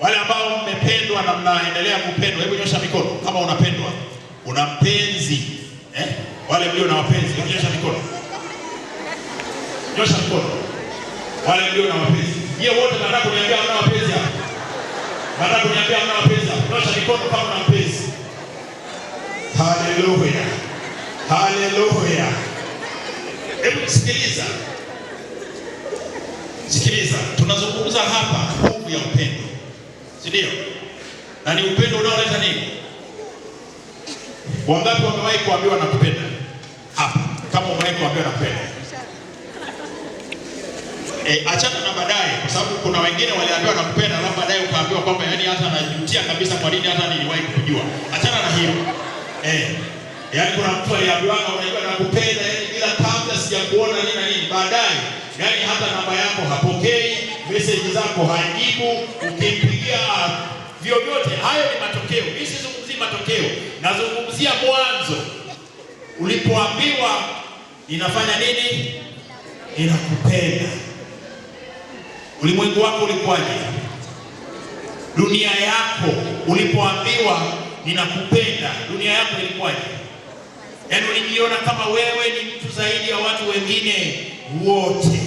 Wale ambao mmependwa na mnaendelea kupendwa, hebu nyosha mikono kama unapendwa, una mpenzi eh? Wale mlio na wapenzi, hebu nyosha mikono, nyosha mikono. Wale mlio na wapenzi, yeye wote nataka kuniambia mna wapenzi hapa, nataka kuniambia mna wapenzi hapa. Nyosha mikono kama una mpenzi. Haleluya, haleluya. Hebu sikiliza, sikiliza, tunazungumza hapa nguvu ya upendo si ndio? Na ni upendo unaoleta nini? Wangapi wamewahi kuambiwa nakupenda hapa? Kama umewahi kuambiwa nakupenda E, achana na baadaye, kwa sababu kuna wengine waliambiwa nakupenda, alafu baadaye ukaambiwa kwamba yani hata anajutia kabisa, kwa nini hata niliwahi kujua. Achana na hiyo eh, Yaani kuna mtu aliambiwa unajua nakupenda, yani bila kabla sijakuona nini na nini, baadaye yani hata namba yako hapokei, message zako haijibu, ukipi vyovyote. Hayo ni matokeo, mimi sizungumzii matokeo, nazungumzia mwanzo ulipoambiwa inafanya nini, inakupenda. Ulimwengu wako ulikuwaje? Dunia yako ulipoambiwa ninakupenda, dunia yako ilikuwaje? Yaani ulijiona kama wewe ni mtu zaidi ya watu wengine wote.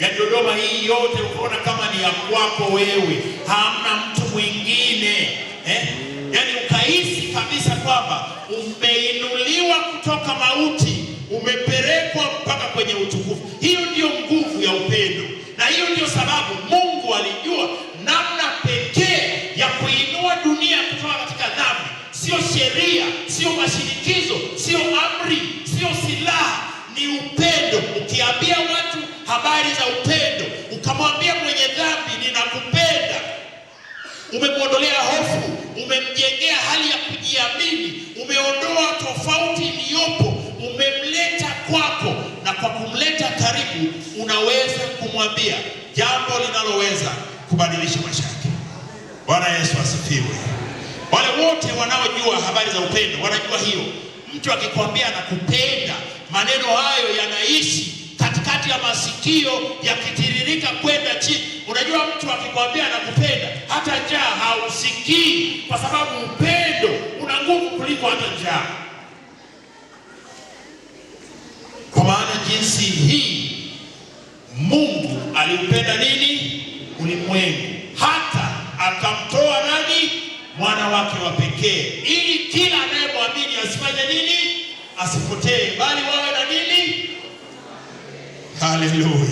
Yaani Dodoma hii yote ukaona kama ni ya kwako wewe, hamna mtu mwingine kwamba umeinuliwa kutoka mauti, umepelekwa mpaka kwenye utukufu. Hiyo ndiyo nguvu ya upendo, na hiyo ndiyo sababu Mungu alijua namna pekee ya kuinua dunia kutoka katika dhambi. Sio sheria, sio mashinikizo, sio amri, sio silaha, ni upendo. Ukiambia watu habari za upendo, ukamwambia mwenye dhambi, ninakupenda, umemwondolea hofu umemjengea hali ya kujiamini, umeondoa tofauti iliyopo, umemleta kwako, na kwa kumleta karibu unaweza kumwambia jambo linaloweza kubadilisha maisha yake. Bwana Yesu asifiwe. Wale wote wanaojua habari za upendo wanajua hiyo. Mtu akikwambia nakupenda, maneno hayo yanaishi katikati ya masikio yakitiririka kwenda chini Unajua, mtu akikwambia anakupenda hata njaa hausikii, kwa sababu upendo una nguvu kuliko hata njaa. Kwa maana jinsi hii Mungu alimpenda nini ulimwengu, hata akamtoa nani mwana wake wa pekee, ili kila anayemwamini asifanye nini? Asipotee, bali wawe na nini? Haleluya,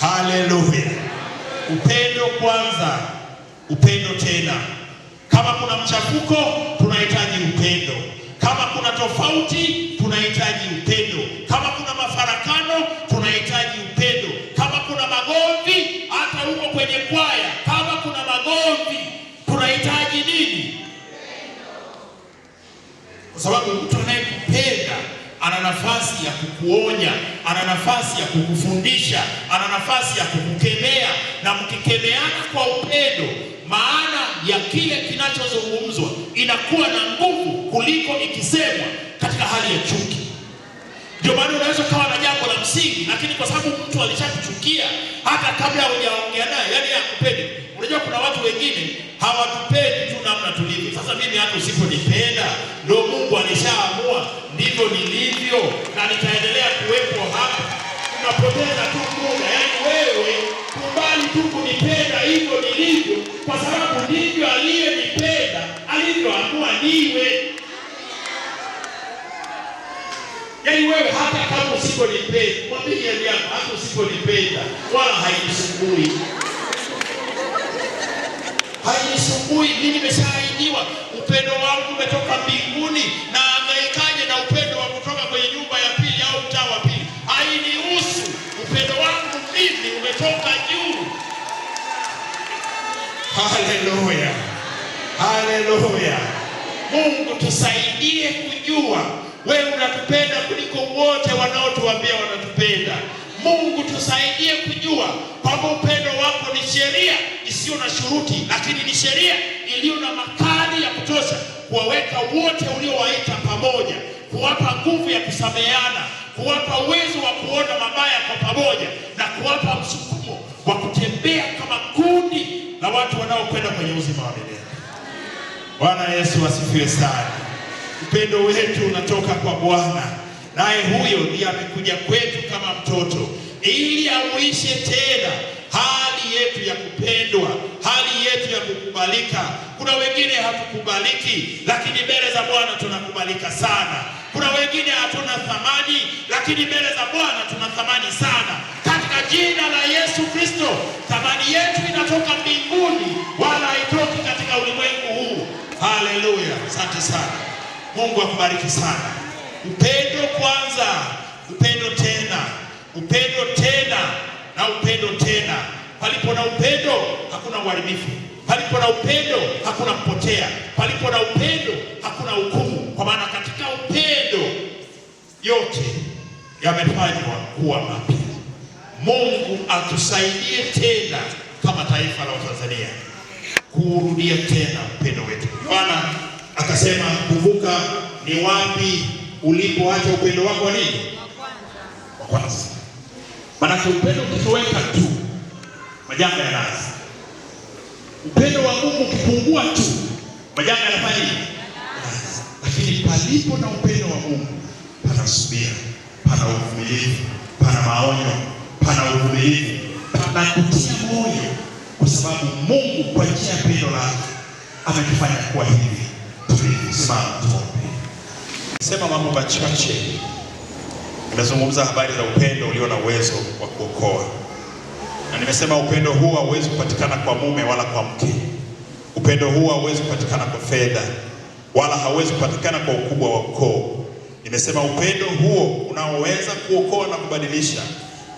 haleluya. Upendo kwanza, upendo tena. Kama kuna mchafuko, tunahitaji upendo. Kama kuna tofauti, tunahitaji upendo. Kama kuna mafarakano, tunahitaji upendo. Kama kuna magomvi, hata huko kwenye kwaya, kama kuna magomvi, tunahitaji nini? Kwa sababu mtu ana nafasi ya kukuonya, ana nafasi ya kukufundisha, ana nafasi ya kukukemea, na mkikemeana kwa upendo, maana ya kile kinachozungumzwa inakuwa na nguvu kuliko ikisemwa katika hali ya chuki. Ndio maana unaweza ukawa na jambo la msingi, lakini kwa sababu mtu alishakuchukia hata kabla hujaongea naye, yani hakupendi. Unajua kuna watu wengine hawatupendi tu namna tulivyo. Sasa mimi hata usiponipenda, ndio Mungu alishaamua ndivyo nilivyo na nitaendelea kuwepo hapa. Unapoteza tu muda, yani wewe kubali tu kunipenda hivyo nilivyo, kwa sababu ndivyo aliyenipenda alivyoamua niwe. Bei wewe hata kama usipolipenda, mwambie jirani yako hata usipolipenda wala haikusumbui. Hainisumbui, mimi nimeshaahidiwa. Upendo wangu umetoka mbinguni na angaikaje na upendo wa kutoka kwenye nyumba ya pili au mtaa wa pili? Hainihusu. Upendo wangu mimi umetoka juu. Haleluya, haleluya. Mungu tusaidie kujua wewe unatupenda kuliko wote wanaotuambia wanatupenda. Mungu tusaidie kujua kwamba upendo wako ni sheria isiyo na shuruti, lakini ni sheria iliyo na makali ya kutosha kuwaweka wote uliowaita pamoja, kuwapa nguvu ya kusameheana, kuwapa uwezo wa kuona mabaya kwa pamoja, na kuwapa msukumo wa kutembea kama kundi la watu wanaokwenda kwenye uzima wa milele. Bwana Yesu asifiwe sana. Upendo wetu unatoka kwa Bwana, naye huyo ndiye amekuja kwetu kama mtoto, ili amuishe tena hali yetu ya kupendwa, hali yetu ya kukubalika. Kuna wengine hatukubaliki, lakini mbele za Bwana tunakubalika sana. Kuna wengine hatuna thamani, lakini mbele za Bwana tuna thamani sana. Katika jina la Yesu Kristo, thamani yetu inatoka mbinguni, wala haitoki katika ulimwengu huu. Haleluya, asante sana. Mungu akubariki sana. Upendo kwanza, upendo tena, upendo tena na upendo tena. Palipo na upendo hakuna uharibifu, palipo na upendo hakuna kupotea, palipo na upendo hakuna hukumu, kwa maana katika upendo yote yamefanywa kuwa mapya. Mungu atusaidie tena kama taifa la Tanzania kuurudia tena upendo wetu Bwana akasema, kumbuka ni wapi ulipoacha upendo wako nini wa kwanza. Maanake upendo ukiweka tu, majanga yanaanza. Upendo wa Mungu ukipungua tu, majanga yanafanya nini? Lakini palipo na upendo wa Mungu pana subira, pana uvumilivu, pana maonyo, pana uvumilivu, pana kutia moyo, kwa sababu Mungu kwa njia ya pendo lake ametufanya kuwa hivi sana tuombe. Sema mambo machache. Nimezungumza habari za upendo ulio na uwezo wa kuokoa, na nimesema upendo huu hauwezi kupatikana kwa mume wala kwa mke. Upendo huu hauwezi kupatikana kwa fedha wala hauwezi kupatikana kwa ukubwa wa ukoo. Nimesema upendo huo unaoweza kuokoa na kubadilisha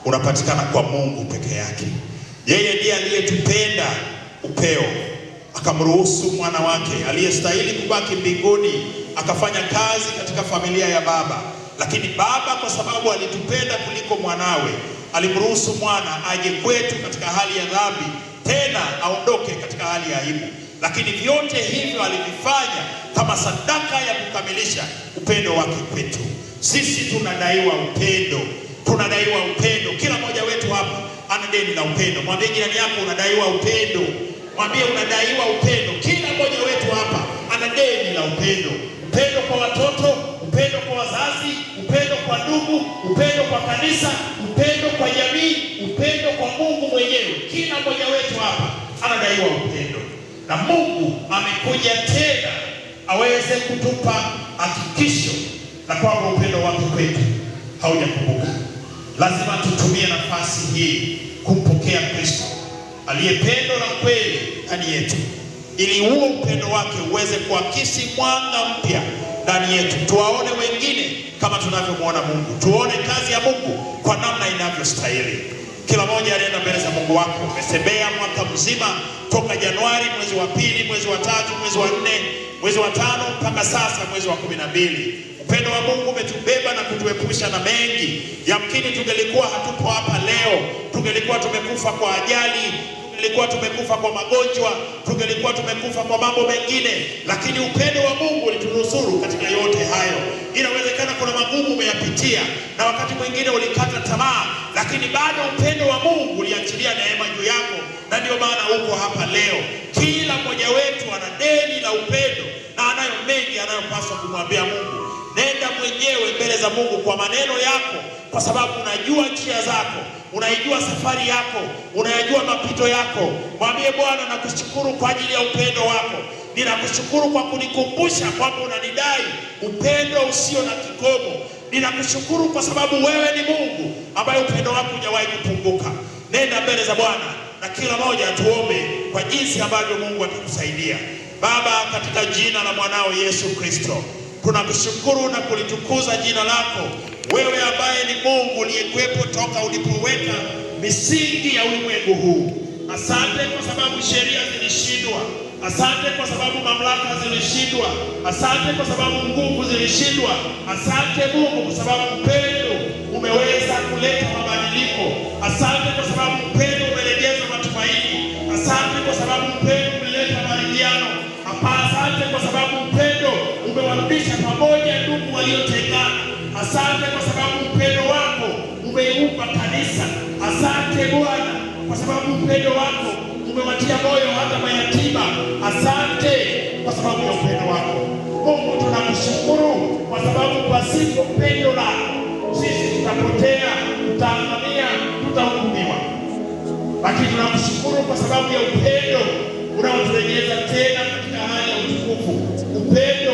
unapatikana kwa Mungu peke yake. Yeye ndiye aliyetupenda upeo akamruhusu mwana wake aliyestahili kubaki mbinguni akafanya kazi katika familia ya baba. Lakini baba kwa sababu alitupenda kuliko mwanawe, alimruhusu mwana aje kwetu katika hali ya dhambi, tena aondoke katika hali ya aibu. Lakini vyote hivyo alivifanya kama sadaka ya kukamilisha upendo wake kwetu. Sisi tunadaiwa upendo, tunadaiwa upendo. Kila mmoja wetu hapa ana deni la upendo. Mwambie jirani yako, unadaiwa upendo mwambie unadaiwa upendo. Kila mmoja wetu hapa ana deni la upendo, upendo kwa watoto, upendo kwa wazazi, upendo kwa ndugu, upendo kwa kanisa, upendo kwa jamii, upendo kwa Mungu mwenyewe. Kila mmoja wetu hapa anadaiwa upendo, na Mungu amekuja tena aweze kutupa hakikisho na kwamba upendo wake kwetu haujakumbuka. Lazima tutumie nafasi hii kumpokea Kristo aliyependwa na kweli ndani yetu, ili huo upendo wake uweze kuakisi mwanga mpya ndani yetu, tuwaone wengine kama tunavyomwona Mungu, tuone kazi ya Mungu kwa namna inavyostahili. Kila mmoja alienda mbele za Mungu wako, umesembea mwaka mzima toka Januari, mwezi wa pili, mwezi wa tatu, mwezi wa nne, mwezi wa tano mpaka sasa mwezi wa kumi na mbili. Upendo wa Mungu umetubeba na kutuepusha na mengi. Yamkini tungelikuwa hatupo hapa leo, tungelikuwa tumekufa kwa ajali tungelikuwa tumekufa kwa magonjwa, tungelikuwa tumekufa kwa mambo mengine, lakini upendo wa Mungu ulitunusuru katika yote hayo. Inawezekana kuna magumu umeyapitia, na wakati mwingine ulikata tamaa, lakini bado upendo wa Mungu uliachilia neema juu yako, na ndio maana uko hapa leo. Kila mmoja wetu ana deni la upendo na anayo mengi anayopaswa kumwambia Mungu wenyewe mbele za Mungu kwa maneno yako, kwa sababu unajua njia zako, unaijua safari yako, unayajua mapito yako. Mwambie Bwana, nakushukuru kwa ajili ya upendo wako, ninakushukuru kwa kunikumbusha kwamba unanidai upendo usio na kikomo. Ninakushukuru kwa sababu wewe ni Mungu ambaye upendo wako hujawahi kupunguka. Nenda mbele za Bwana na kila moja tuombe kwa jinsi ambavyo Mungu atakusaidia. Baba, katika jina la mwanao Yesu Kristo tunakushukuru na kulitukuza jina lako wewe, ambaye ni Mungu uliyekuwepo toka ulipoweka misingi ya ulimwengu huu. Asante kwa sababu sheria zilishindwa, asante kwa sababu mamlaka zilishindwa, asante kwa sababu nguvu zilishindwa. Asante Mungu kwa sababu upendo umeweza kuleta mabadiliko. Asante kwa sababu upendo umelegeza matumaini. Asante kwa sababu upendo umeleta maridhiano. Asante kwa sababu Bwana kwa sababu upendo wako umewatia moyo hata mayatima. Asante kwa sababu ya upendo wako Mungu, tunakushukuru kwa sababu pasipo upendo lako sisi tutapotea, tutaangamia, tutahukumiwa, lakini tunakushukuru kwa sababu ya upendo unaoturejeza tena katika hali ya utukufu upendo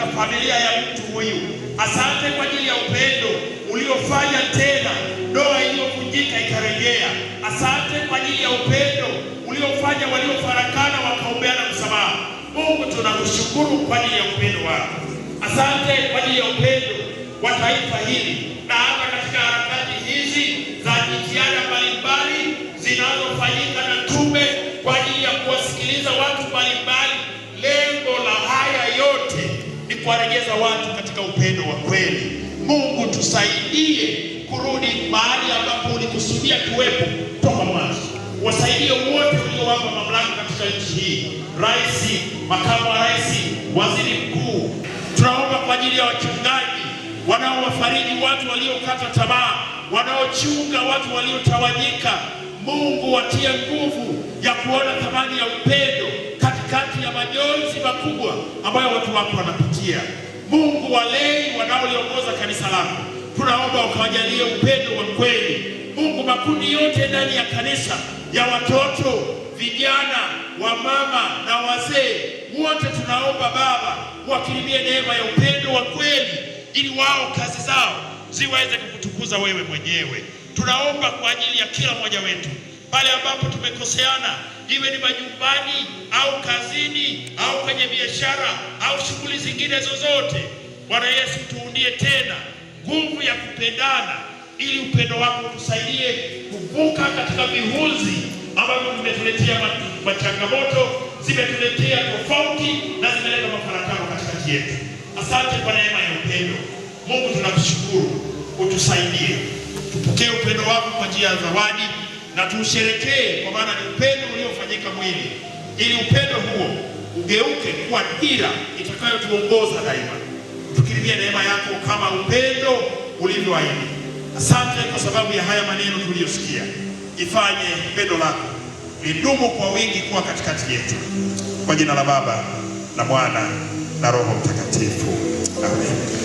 katika familia ya mtu huyu. Asante kwa ajili ya upendo uliofanya tena ndoa iliyovunjika ikarejea. Asante kwa ajili ya upendo uliofanya waliofarakana wakaombeana msamaha. Mungu, tunakushukuru kwa ajili ya upendo wako. Asante kwa ajili ya upendo wa taifa hili. utusaidie kurudi mahali ambapo ulikusudia tuwepo toka mwanzo. Wasaidie wote uliowapa mamlaka katika nchi hii, rais, makamu wa rais, waziri mkuu. Tunaomba kwa ajili ya wachungaji wanaowafariji watu waliokata tamaa, wanaochunga watu waliotawanyika. Mungu watie nguvu ya kuona thamani ya upendo katikati ya majonzi makubwa ambayo watu wako wanapitia. Mungu walei wanaoliongoza kanisa lako Tunaomba ukawajalie upendo wa kweli Mungu, makundi yote ndani ya kanisa ya watoto, vijana, wamama na wazee wote, tunaomba Baba wakirimie neema ya upendo wa kweli, ili wao kazi zao ziweze kukutukuza wewe mwenyewe. Tunaomba kwa ajili ya kila mmoja wetu pale ambapo tumekoseana, iwe ni majumbani au kazini au kwenye biashara au shughuli zingine zozote. Bwana Yesu, tuundie tena nguvu ya kupendana, ili upendo wako utusaidie kuvuka katika vihuzi ambavyo vimetuletea machangamoto, zimetuletea tofauti na zimeleta mafarakano katikati yetu. Asante kwa neema ya upendo. Mungu tunakushukuru, utusaidie tupokee upendo wako kwa njia ya zawadi na tuusherekee, kwa maana ni upendo uliofanyika mwili, ili upendo huo ugeuke kuwa dira itakayotuongoza daima tukirimia neema yako kama upendo ulivyoahidi. Asante kwa sababu ya haya maneno tuliyosikia, ifanye pendo lako lidumu kwa wingi kuwa katikati yetu, kwa jina la Baba na Mwana na Roho Mtakatifu, amen.